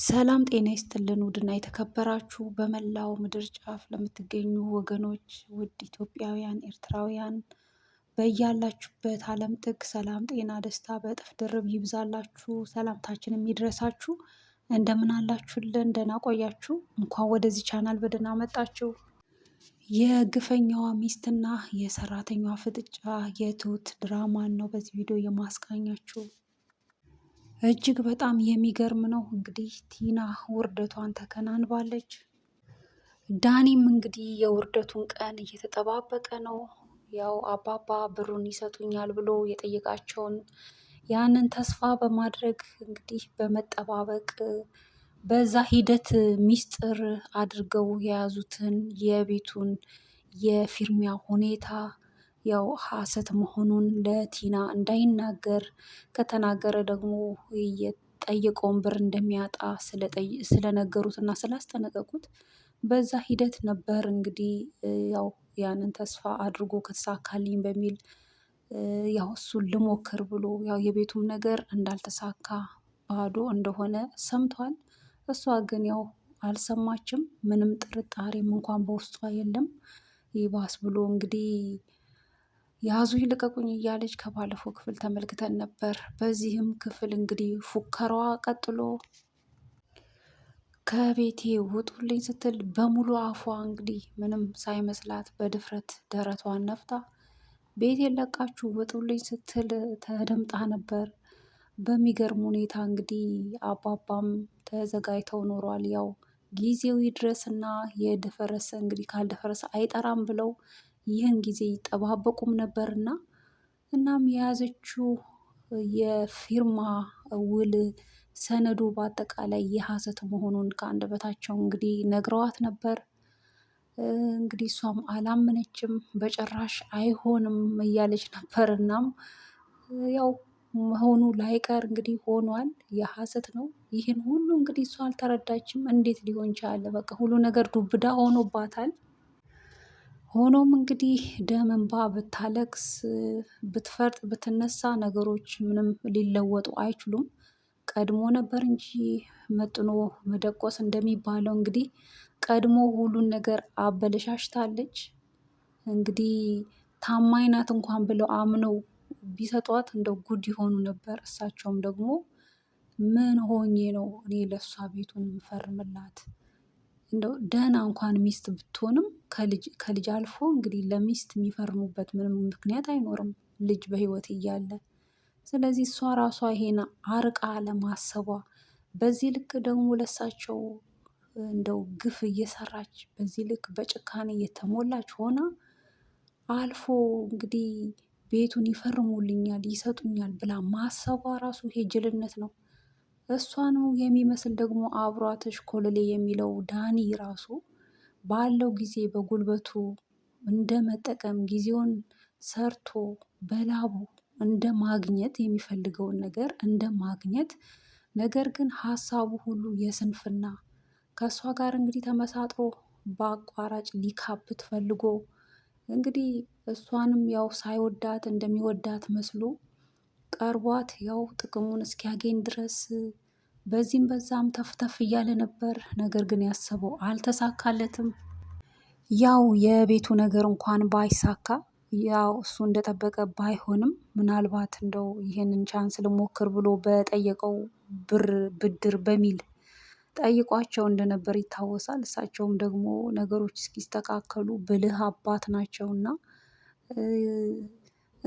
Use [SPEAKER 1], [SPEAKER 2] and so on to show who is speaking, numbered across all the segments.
[SPEAKER 1] ሰላም ጤና ይስጥልን ውድና የተከበራችሁ በመላው ምድር ጫፍ ለምትገኙ ወገኖች ውድ ኢትዮጵያውያን ኤርትራውያን በያላችሁበት ዓለም ጥግ ሰላም ጤና ደስታ በእጥፍ ድርብ ይብዛላችሁ። ሰላምታችን የሚድረሳችሁ እንደምን አላችሁልን? ደህና ቆያችሁ? እንኳን ወደዚህ ቻናል በደህና መጣችሁ። የግፈኛዋ ሚስትና የሰራተኛዋ ፍጥጫ የትሁት ድራማን ነው በዚህ ቪዲዮ የማስቃኛችሁ እጅግ በጣም የሚገርም ነው። እንግዲህ ቲና ውርደቷን ተከናንባለች። ዳኒም እንግዲህ የውርደቱን ቀን እየተጠባበቀ ነው። ያው አባባ ብሩን ይሰጡኛል ብሎ የጠየቃቸውን ያንን ተስፋ በማድረግ እንግዲህ በመጠባበቅ በዛ ሂደት ሚስጥር አድርገው የያዙትን የቤቱን የፊርሚያ ሁኔታ ያው ሐሰት መሆኑን ለቲና እንዳይናገር ከተናገረ ደግሞ የጠየቀውን ብር እንደሚያጣ ስለነገሩት እና ስላስጠነቀቁት በዛ ሂደት ነበር እንግዲህ ያው ያንን ተስፋ አድርጎ ከተሳካልኝ በሚል ያው እሱን ልሞክር ብሎ ያው የቤቱም ነገር እንዳልተሳካ ባዶ እንደሆነ ሰምቷል። እሷ ግን ያው አልሰማችም። ምንም ጥርጣሬም እንኳን በውስጧ የለም። ይባስ ብሎ እንግዲህ ያዙ ይልቀቁኝ እያለች ከባለፈው ክፍል ተመልክተን ነበር። በዚህም ክፍል እንግዲህ ፉከራዋ ቀጥሎ ከቤቴ ውጡልኝ ስትል በሙሉ አፏ እንግዲህ ምንም ሳይመስላት በድፍረት ደረቷን ነፍታ ቤቴ ለቃችሁ ውጡልኝ ስትል ተደምጣ ነበር። በሚገርም ሁኔታ እንግዲህ አባባም ተዘጋጅተው ኖሯል። ያው ጊዜው ይድረስና የደፈረሰ እንግዲህ ካልደፈረሰ አይጠራም ብለው ይህን ጊዜ ይጠባበቁም ነበርና እናም የያዘችው የፊርማ ውል ሰነዱ በአጠቃላይ የሐሰት መሆኑን ከአንደበታቸው እንግዲህ ነግረዋት ነበር። እንግዲህ እሷም አላመነችም፣ በጭራሽ አይሆንም እያለች ነበር። እናም ያው መሆኑ ላይቀር እንግዲህ ሆኗል። የሐሰት ነው። ይህን ሁሉ እንግዲህ እሷ አልተረዳችም። እንዴት ሊሆን ቻለ? በቃ ሁሉ ነገር ዱብዳ ሆኖባታል። ሆኖም እንግዲህ ደም እንባ ብታለቅስ ብትፈርጥ ብትነሳ ነገሮች ምንም ሊለወጡ አይችሉም። ቀድሞ ነበር እንጂ መጥኖ መደቆስ እንደሚባለው እንግዲህ ቀድሞ ሁሉን ነገር አበለሻሽታለች። እንግዲህ ታማኝ ናት እንኳን ብለው አምነው ቢሰጧት እንደው ጉድ ይሆኑ ነበር። እሳቸውም ደግሞ ምን ሆኜ ነው እኔ ለእሷ ቤቱን የምፈርምላት እንደው ደህና እንኳን ሚስት ብትሆንም ከልጅ አልፎ እንግዲህ ለሚስት የሚፈርሙበት ምንም ምክንያት አይኖርም ልጅ በህይወት እያለ። ስለዚህ እሷ ራሷ ይሄን አርቃ ለማሰቧ በዚህ ልክ ደግሞ ለሳቸው እንደው ግፍ እየሰራች በዚህ ልክ በጭካኔ እየተሞላች ሆና አልፎ እንግዲህ ቤቱን ይፈርሙልኛል፣ ይሰጡኛል ብላ ማሰቧ ራሱ ይሄ ጅልነት ነው። እሷ ነው የሚመስል ደግሞ አብሯተሽ ኮለሌ የሚለው ዳኒ ራሱ ባለው ጊዜ በጉልበቱ እንደ መጠቀም ጊዜውን ሰርቶ በላቡ እንደ ማግኘት የሚፈልገውን ነገር እንደ ማግኘት ነገር ግን ሀሳቡ ሁሉ የስንፍና ከእሷ ጋር እንግዲህ ተመሳጥሮ በአቋራጭ ሊካብት ፈልጎ እንግዲህ እሷንም ያው ሳይወዳት እንደሚወዳት መስሎ ቀርቧት ያው ጥቅሙን እስኪያገኝ ድረስ በዚህም በዛም ተፍተፍ እያለ ነበር። ነገር ግን ያሰበው አልተሳካለትም። ያው የቤቱ ነገር እንኳን ባይሳካ ያው እሱ እንደጠበቀ ባይሆንም ምናልባት እንደው ይህንን ቻንስ ልሞክር ብሎ በጠየቀው ብር ብድር በሚል ጠይቋቸው እንደነበር ይታወሳል። እሳቸውም ደግሞ ነገሮች እስኪስተካከሉ ብልህ አባት ናቸውና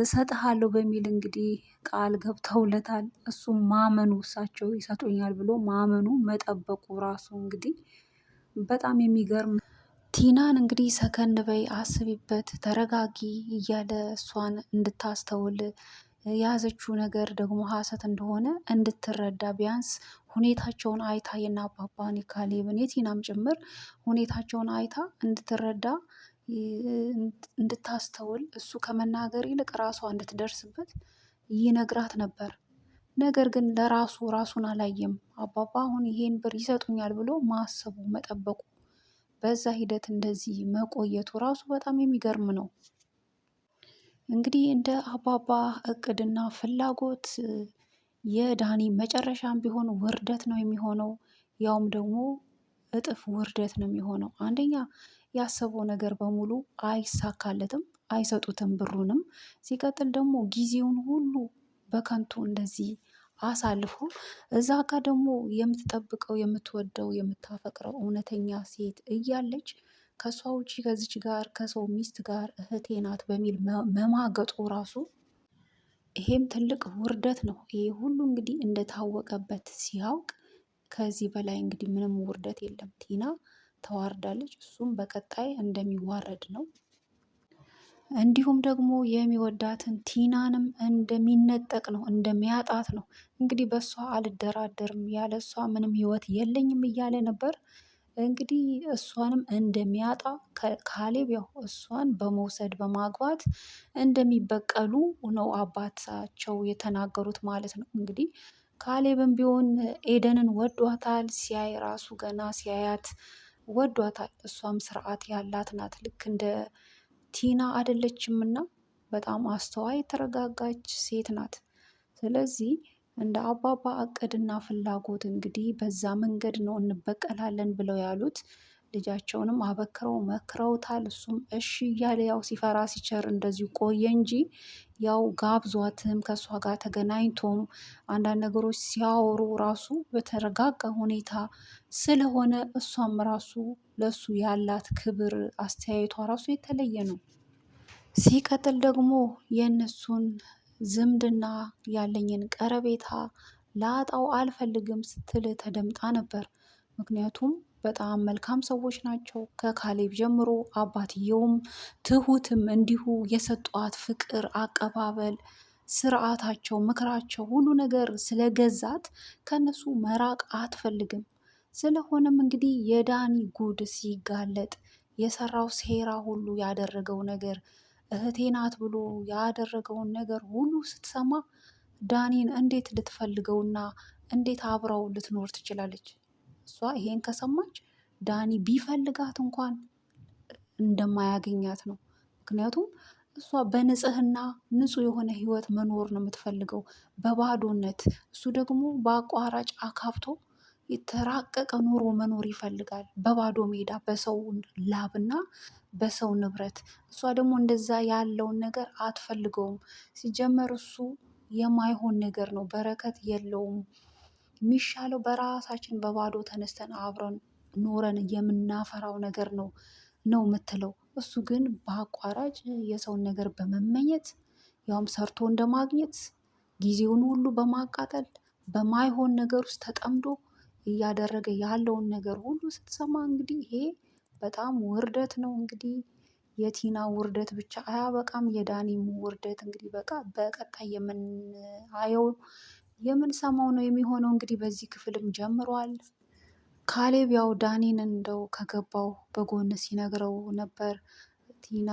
[SPEAKER 1] እሰጥሃለሁ በሚል እንግዲህ ቃል ገብተውለታል። እሱ ማመኑ እሳቸው ይሰጡኛል ብሎ ማመኑ መጠበቁ ራሱ እንግዲህ በጣም የሚገርም ቲናን እንግዲህ ሰከን በይ፣ አስቢበት፣ ተረጋጊ እያለ እሷን እንድታስተውል የያዘችው ነገር ደግሞ ሀሰት እንደሆነ እንድትረዳ ቢያንስ ሁኔታቸውን አይታ የእነ አባባን የካሌብን የቲናም ጭምር ሁኔታቸውን አይታ እንድትረዳ እንድታስተውል እሱ ከመናገር ይልቅ ራሷ እንድትደርስበት ይነግራት ነበር። ነገር ግን ለራሱ ራሱን አላየም። አባባ አሁን ይሄን ብር ይሰጡኛል ብሎ ማሰቡ መጠበቁ፣ በዛ ሂደት እንደዚህ መቆየቱ ራሱ በጣም የሚገርም ነው። እንግዲህ እንደ አባባ እቅድና ፍላጎት የዳኒ መጨረሻም ቢሆን ውርደት ነው የሚሆነው። ያውም ደግሞ እጥፍ ውርደት ነው የሚሆነው። አንደኛ ያሰበው ነገር በሙሉ አይሳካለትም፣ አይሰጡትም ብሩንም። ሲቀጥል ደግሞ ጊዜውን ሁሉ በከንቱ እንደዚህ አሳልፎ እዛ ጋ ደግሞ የምትጠብቀው የምትወደው የምታፈቅረው እውነተኛ ሴት እያለች ከእሷ ውጪ ከዚች ጋር ከሰው ሚስት ጋር እህቴ ናት በሚል መማገጡ ራሱ ይሄም ትልቅ ውርደት ነው። ይሄ ሁሉ እንግዲህ እንደታወቀበት ሲያውቅ ከዚህ በላይ እንግዲህ ምንም ውርደት የለም ቲና ተዋርዳለች። እሱም በቀጣይ እንደሚዋረድ ነው። እንዲሁም ደግሞ የሚወዳትን ቲናንም እንደሚነጠቅ ነው፣ እንደሚያጣት ነው። እንግዲህ በእሷ አልደራደርም፣ ያለ እሷ ምንም ህይወት የለኝም እያለ ነበር። እንግዲህ እሷንም እንደሚያጣ ካሌብ ያው እሷን በመውሰድ በማግባት እንደሚበቀሉ ነው አባታቸው የተናገሩት ማለት ነው። እንግዲህ ካሌብም ቢሆን ኤደንን ወዷታል። ሲያይ ራሱ ገና ሲያያት ወዷታል። እሷም ስርዓት ያላት ናት። ልክ እንደ ቲና አይደለችም እና በጣም አስተዋይ የተረጋጋች ሴት ናት። ስለዚህ እንደ አባባ እቅድና ፍላጎት እንግዲህ በዛ መንገድ ነው እንበቀላለን ብለው ያሉት ልጃቸውንም አበክረው መክረውታል። እሱም እሺ እያለ ያው ሲፈራ ሲቸር እንደዚሁ ቆየ እንጂ ያው ጋብዟትም ከእሷ ጋር ተገናኝቶም አንዳንድ ነገሮች ሲያወሩ ራሱ በተረጋጋ ሁኔታ ስለሆነ እሷም ራሱ ለሱ ያላት ክብር አስተያየቷ ራሱ የተለየ ነው። ሲቀጥል ደግሞ የእነሱን ዝምድና ያለኝን ቀረቤታ ላጣው አልፈልግም ስትል ተደምጣ ነበር። ምክንያቱም በጣም መልካም ሰዎች ናቸው። ከካሌብ ጀምሮ አባትየውም ትሁትም እንዲሁ የሰጧት ፍቅር፣ አቀባበል፣ ስርዓታቸው፣ ምክራቸው ሁሉ ነገር ስለገዛት ከነሱ መራቅ አትፈልግም። ስለሆነም እንግዲህ የዳኒ ጉድ ሲጋለጥ የሰራው ሴራ ሁሉ ያደረገው ነገር እህቴ ናት ብሎ ያደረገውን ነገር ሁሉ ስትሰማ ዳኒን እንዴት ልትፈልገውና እንዴት አብረው ልትኖር ትችላለች? እሷ ይሄን ከሰማች ዳኒ ቢፈልጋት እንኳን እንደማያገኛት ነው። ምክንያቱም እሷ በንጽህና ንጹህ የሆነ ህይወት መኖር ነው የምትፈልገው፣ በባዶነት እሱ ደግሞ በአቋራጭ አካብቶ የተራቀቀ ኑሮ መኖር ይፈልጋል። በባዶ ሜዳ በሰው ላብና በሰው ንብረት። እሷ ደግሞ እንደዛ ያለውን ነገር አትፈልገውም። ሲጀመር እሱ የማይሆን ነገር ነው፣ በረከት የለውም። የሚሻለው በራሳችን በባዶ ተነስተን አብረን ኖረን የምናፈራው ነገር ነው ነው የምትለው። እሱ ግን በአቋራጭ የሰውን ነገር በመመኘት ያውም ሰርቶ እንደማግኘት ጊዜውን ሁሉ በማቃጠል በማይሆን ነገር ውስጥ ተጠምዶ እያደረገ ያለውን ነገር ሁሉ ስትሰማ እንግዲህ ይሄ በጣም ውርደት ነው። እንግዲህ የቲና ውርደት ብቻ አያበቃም። የዳኒም ውርደት እንግዲህ በቃ በቀጣይ የምናየው የምንሰማው ነው የሚሆነው። እንግዲህ በዚህ ክፍልም ጀምሯል። ካሌብ ያው ዳኒን እንደው ከገባው በጎን ሲነግረው ነበር። ቲና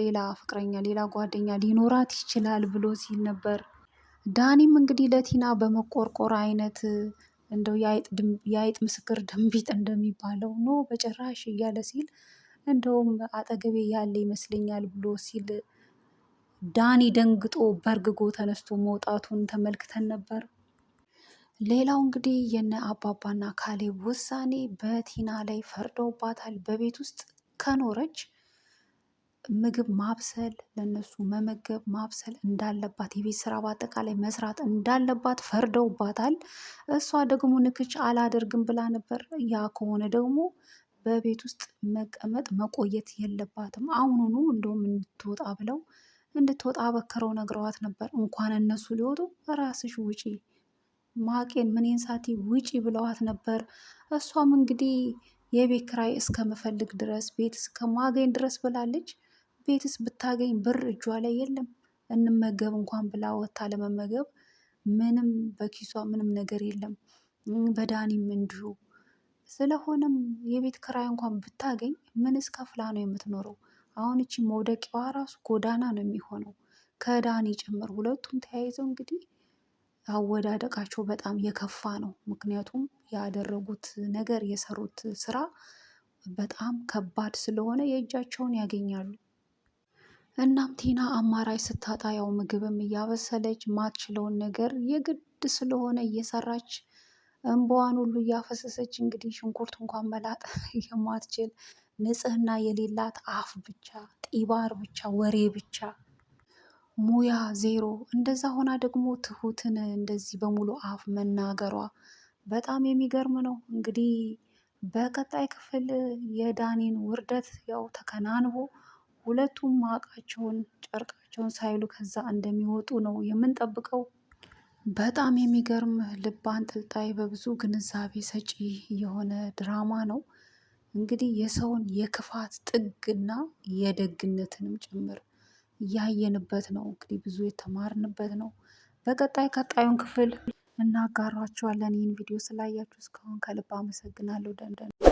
[SPEAKER 1] ሌላ ፍቅረኛ፣ ሌላ ጓደኛ ሊኖራት ይችላል ብሎ ሲል ነበር። ዳኒም እንግዲህ ለቲና በመቆርቆር አይነት እንደው የአይጥ ምስክር ደንቢጥ እንደሚባለው ኖ በጭራሽ እያለ ሲል እንደውም አጠገቤ ያለ ይመስለኛል ብሎ ሲል ዳኒ ደንግጦ በርግጎ ተነስቶ መውጣቱን ተመልክተን ነበር። ሌላው እንግዲህ የነ አባባና ካሌብ ውሳኔ በቲና ላይ ፈርደውባታል። በቤት ውስጥ ከኖረች ምግብ ማብሰል፣ ለነሱ መመገብ፣ ማብሰል እንዳለባት የቤት ስራ በአጠቃላይ መስራት እንዳለባት ፈርደውባታል። እሷ ደግሞ ንክች አላደርግም ብላ ነበር። ያ ከሆነ ደግሞ በቤት ውስጥ መቀመጥ መቆየት የለባትም፣ አሁኑኑ እንደውም እንትወጣ ብለው እንድትወጣ አበክረው ነግረዋት ነበር። እንኳን እነሱ ሊወጡ ራስሽ ውጪ ማቄን ምኔን ሳቲ ውጪ ብለዋት ነበር። እሷም እንግዲህ የቤት ክራይ እስከምፈልግ ድረስ ቤት እስከማገኝ ድረስ ብላለች። ቤትስ ብታገኝ ብር እጇ ላይ የለም። እንመገብ እንኳን ብላ ወታ ለመመገብ ምንም በኪሷ ምንም ነገር የለም። በዳኒም እንዲሁ ስለሆነም የቤት ክራይ እንኳን ብታገኝ ምን እስከፍላ ነው የምትኖረው? አሁን እቺ መውደቂዋ ራሱ ጎዳና ነው የሚሆነው ከዳኒ ጭምር ሁለቱም ተያይዘው እንግዲህ አወዳደቃቸው በጣም የከፋ ነው። ምክንያቱም ያደረጉት ነገር የሰሩት ስራ በጣም ከባድ ስለሆነ የእጃቸውን ያገኛሉ። እናም ቲና አማራጭ ስታጣ ያው ምግብም እያበሰለች ማትችለውን ነገር የግድ ስለሆነ እየሰራች እንባዋን ሁሉ እያፈሰሰች እንግዲህ ሽንኩርት እንኳን መላጥ የማትችል ንጽህና የሌላት አፍ ብቻ፣ ጢባር ብቻ፣ ወሬ ብቻ፣ ሙያ ዜሮ። እንደዛ ሆና ደግሞ ትሁትን እንደዚህ በሙሉ አፍ መናገሯ በጣም የሚገርም ነው። እንግዲህ በቀጣይ ክፍል የዳኒን ውርደት ያው ተከናንቦ ሁለቱም ማቃቸውን ጨርቃቸውን ሳይሉ ከዛ እንደሚወጡ ነው የምንጠብቀው። በጣም የሚገርም ልብ አንጠልጣይ በብዙ ግንዛቤ ሰጪ የሆነ ድራማ ነው። እንግዲህ የሰውን የክፋት ጥግና የደግነትንም ጭምር እያየንበት ነው። እንግዲህ ብዙ የተማርንበት ነው። በቀጣይ ቀጣዩን ክፍል እናጋራችኋለን። ይህን ቪዲዮ ስላያችሁ እስካሁን ከልብ አመሰግናለሁ። ደንደን